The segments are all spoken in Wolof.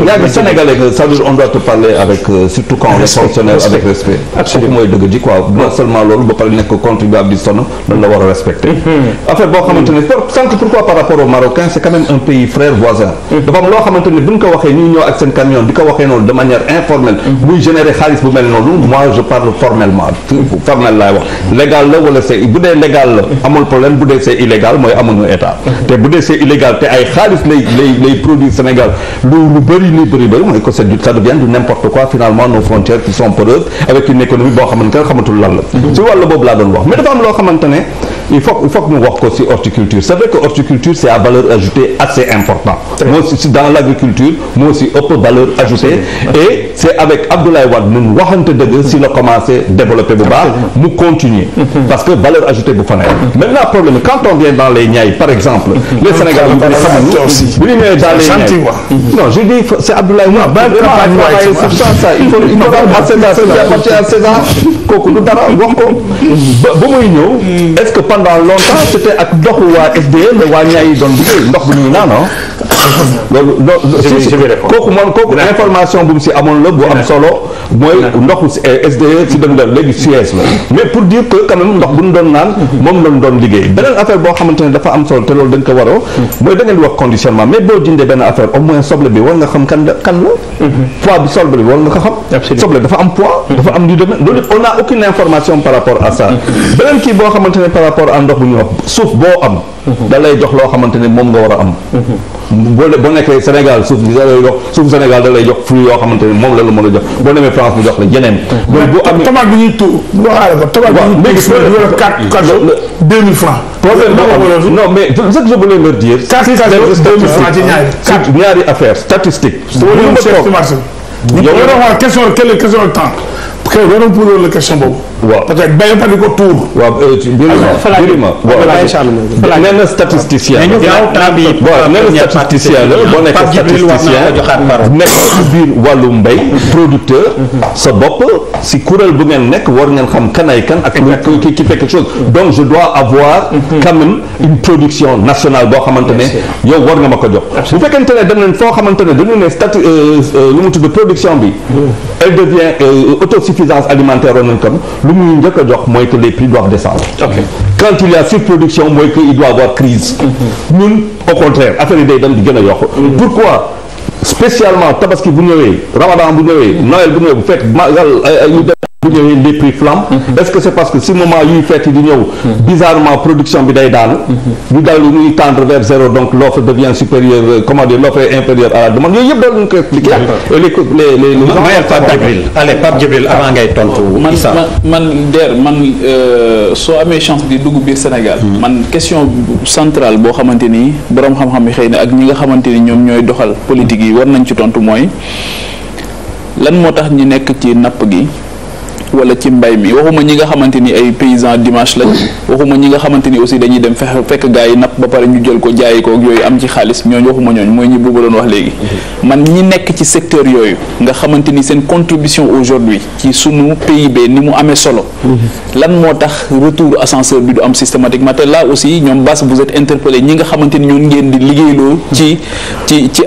yàgg sénégalais que ça veut on doit te parler avec euh, surtout quand on est fonctionnaire avec respect kooku mooy dëgg ji quoi non seulement loolu ba pare nekk contribuable bi la war respecter mm-hmm. affaire boo xamante ne sànq pourquoi par rapport au marocain c'est quand même un pays frère voisin mm-hmm. dafa am loo xamante ne bu ñu ko waxee ñuy ñëw camion di ko waxee noonu de manière informelle mm-hmm. buy générer xaalis bu mel noonu moi je parle formellement bëri muy bëri bëri mooy que c'est du ça devient finalement nos frontières qui sont poreuses avec une économie boo xamante ne xamatul lan mm-hmm. laa doon wax mais dafa am loo xamante il faut il faut que ñu wax ko ci horticulture c'est vrai que horticulture c'est à valeur ajoutée assez important moo si valeur ajoutée et c'est avec Abdoulaye Wade nun waxante dëgg si la commencé développer bu baax mu continuer mm-hmm. parce que valeur ajoutée bu fa nekk mm-hmm. maintenant problème quand on vient dans les Niayes par exemple mm-hmm. les Sénégalais yu bu ñu ñëwee dans non je dis c'est Abdoulaye Wade c'est ça ça il faut il faut à César ce qui appartient à César pendant longtemps c'était ak ndoxu waa SDE la waa ñaay yi doon liggéey ndox bu ñuy naan ah. loolu loolu kooku moom kooku information bu mu si amoon la bu am solo mooy ndoxu SDE eh, si dem la léegi Suez la mais pour dire que quand ndox bu ñu doon naan moom lañ doon liggéey beneen affaire boo xamante dafa am solo te loolu da nga ko waroo mooy da ngeen di wax conditionnement mais boo jëndee benn affaire au moins soble bi war nga xam kan la kan la mhm. poids bi ko xam soble dafa am poids mhm. dafa am lu demee loolu on n'a aucune information par rapport à ça mhm. beneen kii boo xamante par rapport à ndox bu ñu wax suuf boo am da jox loo xamante boo boo nekkee Sénégal suuf bi da lay jox suuf Sénégal da lay jox fruit yoo xamante moom la la mën a jox boo demee France mu jox la jeneen. donc boo amee tomate bi ñuy tuur boo xaale ko tomate bi ñuy tuur waaw quatre cadeau deux mille francs problème bi non mais ce que je voulais leur dire. quatre cadeau deux mille francs ci ñaari ñaari affaire statistique. su ma question question temps. parce waaw peut être béykat yi ko tuur. waaw jërëjëf eh, waaw nee na statisticien la. nee na statisticien la boo nekkee statisticien nekk ci biir wàllum mbay. producteur. sa bopp si kuréel bu ngeen nekk war ngeen xam kanay kan ak. lu ki ki fait quelque chose. donc je dois avoir. Mhm. quand même une production nationale boo xamante ne. yow war nga ma ko jox. bu fekkente ne dem nañ foo xamante ne dañu ne statu euh, euh, lu mu tudd production bi. elle devient euh, autosuffisance alimentaire woon nañ comme. lu muy njëkk a jox mooy que les prix doivent descendre okay. quand il y a mooy que il doit avoir crise mhm. ñun au contraire affaire yi day a yokk mhm. pourquoi spécialement tabaski bu ñëwee ramadan bu ñëwee noël bu ñëwee fekk bu ñëwee les prix flambent mhm. est-ce que c'est parce que si moment yuy fête di ñëw mhm. bi day daanu mhm. ñu dal ñuy tendre vers donc l'offre devient supérieure euh, comment dire l'offre est inférieure à la demande yooyu yëpp daal ñu ko expliqué euh, les les man man der man euh, soo amee chance di dugg biir Sénégal hmm. man question centrale boo xamante nii boroom xam-xam yi xëy na ak ñi nga xamante ni ñoom ñooy doxal politique yi war nañ ci tontu mooy lan moo tax ñu nekk ci napp gi wala ci mbay mi waxuma ñi nga xamante ni ay paysan dimanche lañ waxuma ñi nga xamante ni aussi dañuy dem fexe fekk gars yi napp ba pare ñu jël ko jaayi ko ak yooyu am ci xaalis ñooñu waxuma ñooñu mooy ñi bëgg doon wax léegi mhm. man ñi nekk ci secteur yooyu nga xamante ni seen contribution aujourd'hui ci sunu PIB ni mu amee solo mhm. lan moo tax retour ascenseur bi du am systématiquement te là aussi ñoom Bass vous êtes interpellé ñi nga xamante ni ñoon ngeen di liggéeyloo ci ci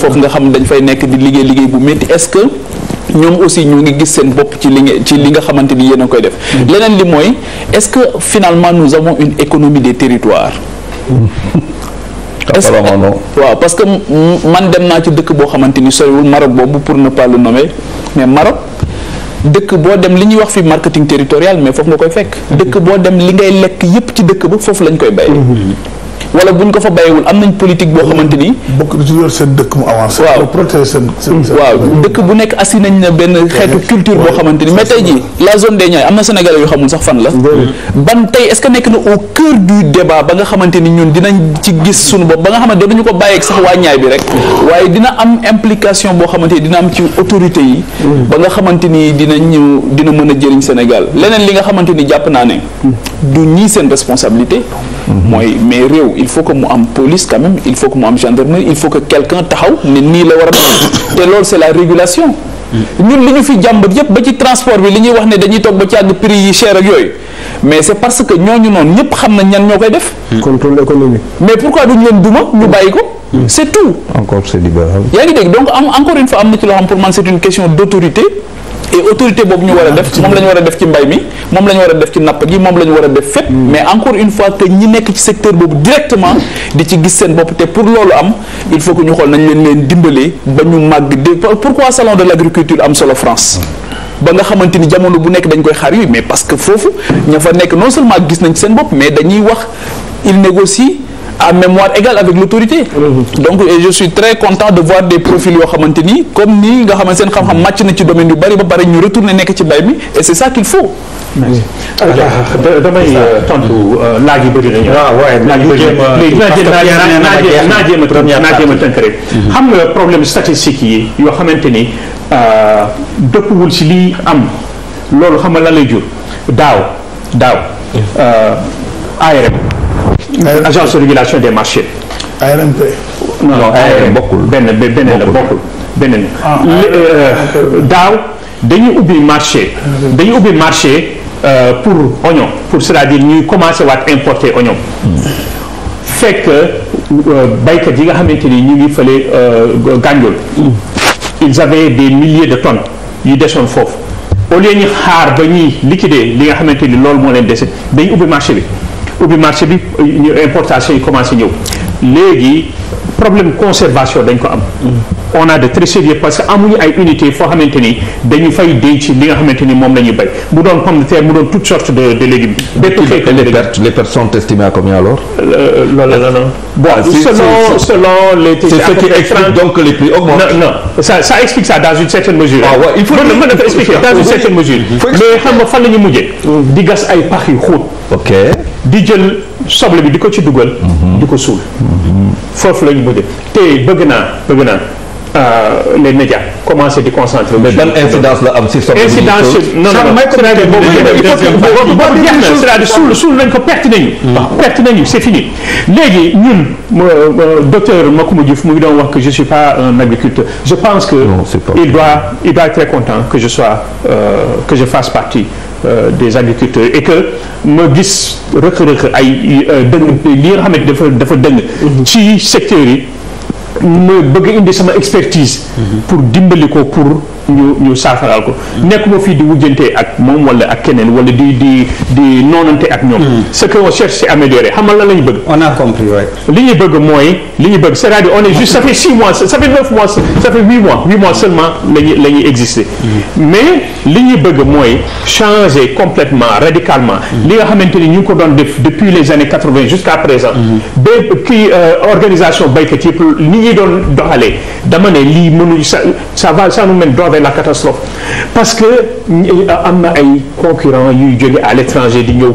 foofu nga xam dañ fay nekk di liggéey liggéey bu métti est-ce ñoom aussi ñu ngi gis seen bopp ci li nga ci li nga xamante ni yéen a koy def mm-hmm. leneen li mooy est-ce que finalement nous avons une économie des territoires mm-hmm. apparemment waaw parce que man dem naa ci dëkk boo xamante ni soriwul Maroc boobu pour ne pas le nommer mais Maroc dëkk boo dem li ñuy wax fi marketing territorial mais foofu nga koy fekk mm-hmm. dëkk boo dem li ngay lekk yépp ci dëkk ba foofu lañ koy bay wala buñ ko fa bàyyiwul am nañ politique boo xamante ni. bokk ci yor seen dëkk mu avancé. waaw hmm. dëkk bu nekk assi nañ na benn xeetu culture boo xamante ni mais tey jii la zone des Niayes am na Sénégalais yu xamul sax fan la. ban tey est-ce nekk na au cœur du débat ba nga xamante ni ñun dinañ ci gis sunu bopp ba nga xamante dootuñu ko bàyyeeg sax waa ñaay bi rek waaye dina am implication boo xamante ni dina am ci autorité yi. Hmm. ba nga xamante ni dinañu dina mën a jëriñ Sénégal leneen li nga xamante ni jàpp naa ne du ñii seen responsabilité mooy mais réew il faut que mu am police quand même il faut que mu am gendarmerie il faut que quelqu'un taxaw ne nii la war a te loolu c'est la régulation li ñu fi jàmbat yépp ba ci transport bi li ñuy wax ne dañuy toog ba ci àgg prix yi cher ak yooyu mais c'est parce que ñooñu noonu ñëpp xam nañ ñan ñoo koy def. contrôle économique. mais pourquoi duñ leen duma ñu bàyyi ko. c'est tout. encore c'est libéral. yaa ngi dégg donc am encore une fois am na ci loo xam pour man c'est une e autorité boobu ñu war a def moom la ñu def ci mbay mi moom la ñu war a def ci napp gi moom la ñu war a def fépp hmm. mais encore une fois que ñi nekk ci secteur boobu directement di ci gis seen bopp te pour loolu am il faut que ñu xool nañ leen leen dimbalee ba ñu màgg de pourquoi salon de l'agriculture am solo France hmm. ba nga xamante ni jamono bu nekk dañ koy xaar yi mais parce que foofu ña fa nekk non seulement gis nañ seen bopp mais dañuy wax il négocie à mémoire égale avec l'autorité mhm. donc et je suis très content de voir des profils yoo xamante ni comme nii nga xamante seen xam-xam màcc na ci domaine yu bari ba pare ñu retourner nekk ci mbay mi et c'est ça qu'il faut damay euh, tontu euh, laaj yu bëri nañu waaw waaye laaj yu bëri naa jéem a naa jéem a tënk rek mhm. xam nga problème statistique yi yoo xamante ni euh, dëppuwul si lii am loolu xam nga lan lay jur daaw daaw ARM mhm. agence de régulation des marché ARMP. bokkul benn benn la bokkul beneen ah, euh, daaw dañuy ubbi marché. dañuy ubbi marché euh, pour oignon pour c'est-à-dire ñuy commencé waat importer oignon. fekk euh, baykat yi nga xamante ni ñu ngi fële gànjol. ils avaient des milliers de tonnes yu desoon foofu au lieu ñu xaar ba ñuy liquider li nga xamante ni loolu moo leen dese dañuy ubbi marché bi. ubbi marché bi ñu euh, importation yi commencé ñëw léegi problème conservation dañ ko am on a de très sérieux parce que amuñu ay unité foo xamante ni dañu fay denc li nga xamante ni moom la ñuy béy mu doon pomme de terre mu doon toutes sortes de de légumes. bépp xeetu les pertes les selon les. c'est ce qui explique donc que les prix augmentent. non explique ça dans une certaine mesure. Ah, il faut na mën expliquer dans une certaine mesure. mais xam nga fan la mm-hmm. di gas ay pax yu xóot. di jël soble bi di ko ci dugal. Mm-hmm. di ko suul. Mm-hmm. foofu la ñu mujjee te bëgg naa bëgg naa. Euh, les médias commencé di concentrer. mais ban incidence la am si soxna. incidence non non c'est-à-dire suul suul nañ ko perte nañu. Hmm. perte nañu c'est fini léegi ñun docteur Macoumba mu ngi doon wax que je suis pas un agriculteur je pense que. il doit il doit être très content que je sois euh, fasse partie. Euh, des agriculteurs et que ma gis rëq-rëq ay de li nga xamante dafa dafa dëng hmm. yi ma bëgg indi sama expertise. pour dimbali ko pour ñu ñu saafaraal ko. nekkuma fii di wujjante ak moom wala ak keneen wala di di di noonante ak ñoom. Hmm. ce que on cherche c'est améliorer xamal la la ñu bëgg. on a li ñu bëgg mooy li ñu bëgg c'est-à-dire on est juste ça fait six mois ça fait neuf mois ça fait huit mois huit mois seulement la ñuy la ñuy exister hmm. mais. li ñu bëgg mooy changer complètement radicalement li nga xamante ni ñu ngi ko doon def depuis les années quatre-vingt jusqu'à présent mm-hmm. ba kii euh, organisation béykat yëpp ni ñuy doon doxalee dama ne lii mënuñu sa ça va ça nous mène droit vers la catastrophe parce que euh, am na ay concurrents yuy jóge à l'étranger di ñëw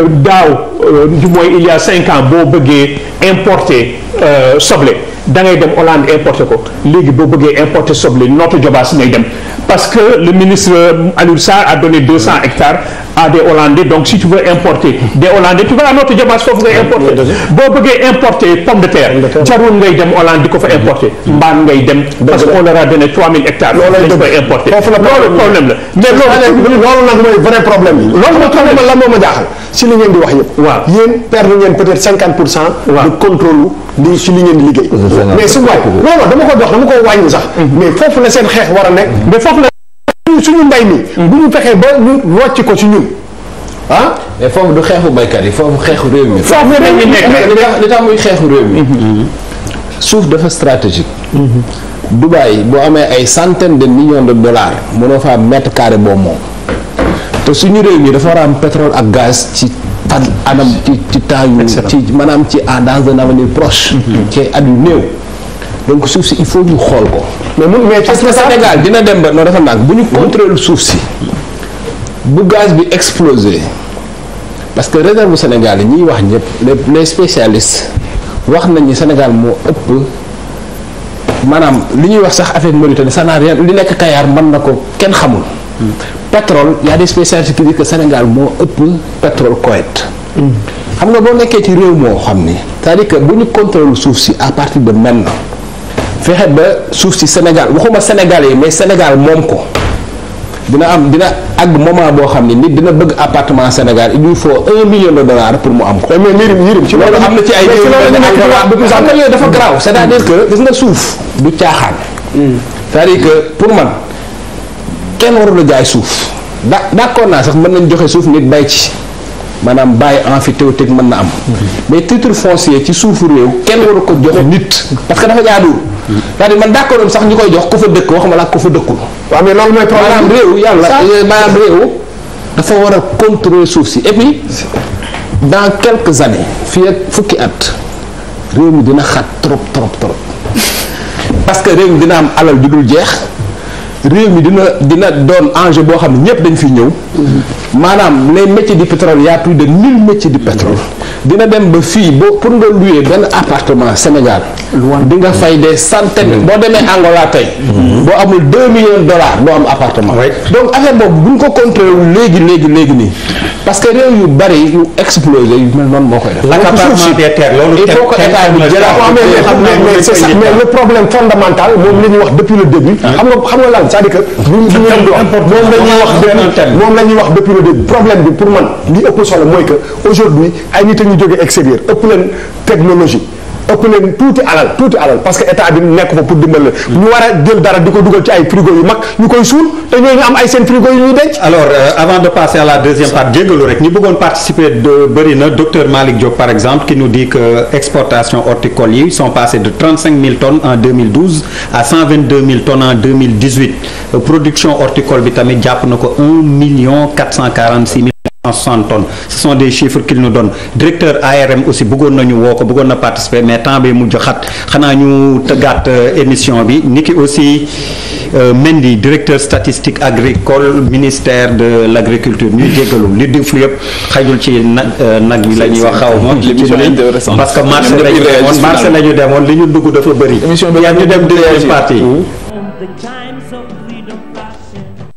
euh, daaw du mooy il y cinq ans boo bëggee importer soble da ngay dem Hollande importer ko léegi boo bëggee importer soble nootu jobaas ngay dem parce que le ministre euh, Alioune Sarr a donné 200 à des Hollandais donc si tu veux importer des Hollandais tu vas à notre Diobass foofu ngay importer boo bëggee importer pomme de terre jarul ngay dem Hollande ko fa importer mbaan ngay dem parce que on leur a donné 3000 hectares lañ koy importer loolu problème loolu nag mooy vrai problème bi loolu mooy problème la moo ma jaaxal si li ngeen di wax yëpp waaw yéen perdre ngeen peut-être 50 suñu mbay mi. Mm-hmm. bu ñu fexee ba ñu wàcc ko ci ñun ah. mais foofu du xeexu baykat yi foofu xeexu réew mi. foofu réew mi li tax muy xeexu réew mi. Mm-hmm. suuf dafa stratégique. Mm-hmm. Dubaï boo amee ay centaines de millions de dollars mënoo faa mètre carré boo moom te suñu réew mi dafa war a ak gaz ci fan anam ci ci temps yu. ci maanaam ci dans un avenir proche. ci at yu néew. donc suuf si il faut ñu xool ko. mais mun mais parce que Sénégal dina dem ba non dafa ndànk bu ñu contrôle suuf si bu gaz bi explosé parce que réserve Sénégal yi ñuy wax ñëpp les les spécialistes wax nañ ni Sénégal moo ëpp. maanaam li ñuy wax sax affaire Mauritanie ça n'a rien li nekk Kayar man na ko kenn xamul. pétrole y a des spécialistes qui disent Sénégal moo ëpp pétrole Koweït. Mm. xam nga boo nekkee ci réew moo xam ni. c'est-à-dire que bu ñu contrôle suuf si à partir de na fexe ba suuf si Sénégal waxuma Sénégal yi mais Sénégal moom ko dina am dina àgg moment boo xam ne nit dina bëgg appartement Sénégal il lui faut un million de dollars pour mu am ko. mais yërim yërim ci loolu am na ci ay. xam nga yooyu dafa garaaw c'est-à-dire que gis nga suuf du caaxaan. Hmm. c'est-à-dire que pour man kenn warul jaay suuf. da d'accord naa sax mën nañ joxe suuf nit bay ci maanaam bàyyi emphytéotique mën na am. Hmm. mais titre foncier ci suufu réew kenn waru ko joxe nit. parce que dafa jaaduwul. c'est-à-dire man d'accord sax ñu koy jox ku fa dëkk wax waxuma la ku fa dëkkul. waaw mais loolu mooy problème maanaam réew yàlla eh, maanaam réew dafa war a contrôler suuf si et puis dans quelques années fii fukki at réew mi dina xat trop trop trop parce que réew dina am alal ju dul jeex réew mi dina dina doon enjeu boo xam ne ñëpp dañ fi ñëw. maanaam les métiers du pétrole y a plus de mille métiers du pétrole dina dem ba fii boo pour nga louer benn appartement Sénégal di fay des centaines mm. boo demee Angola tey mm. boo amul deux millions de dollars doo am appartement donc affaire boobu buñ ko contrôlé wu léegi léegi léegi nii parce que réew yu bari yu explosé yu mel moo koy def moom la ñuy wax depuis le début ah. xam nga xam nga lan c'est-à-dire que moom ah. la wax moom la wax depuis niveau de problème bi pour man li ëpp solo mooy que aujourd'hui ay nit a ñu jógee extérieur ëpp leen ëpp leen tuuti alal tuuti alal parce que état bi nekk fa pour dimbal la hmm. ñu war a jël dara di ko dugal ci ay frigo yu mag ñu koy suul te ñooñu am ay seen frigo yu ñuy denc alors euh, avant de passer à la deuxième partie jéggalu rek ñu bëggoon participer de bëri na docteur Malick Diop par exemple qui nous dit que exportation horticole yi sont passées de 35 000 tonnes en 2012 à 122 000 tonnes en 2018 euh, production horticole bi tamit jàpp na ko 1 million 446 000 160 tonnes ce sont des chiffres directeur ARM aussi bëggoon nañu woo ko bëggoon na participer mais temps bi mujj xat xanaa ñu tëggaat euh, émission bi ni ki aussi euh, Mendy directeur statistique agricole ministère de l' agriculture ñuy jéggalu li di yëpp xajul ci nag euh, nag yi la ñuy wax xaw ma parce que marché lañu demoon marché la ñu demoon li ñu dugg dafa bëri yaa ñu dem deuxième partie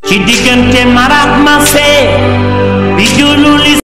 ci diggante maraak ma bijulul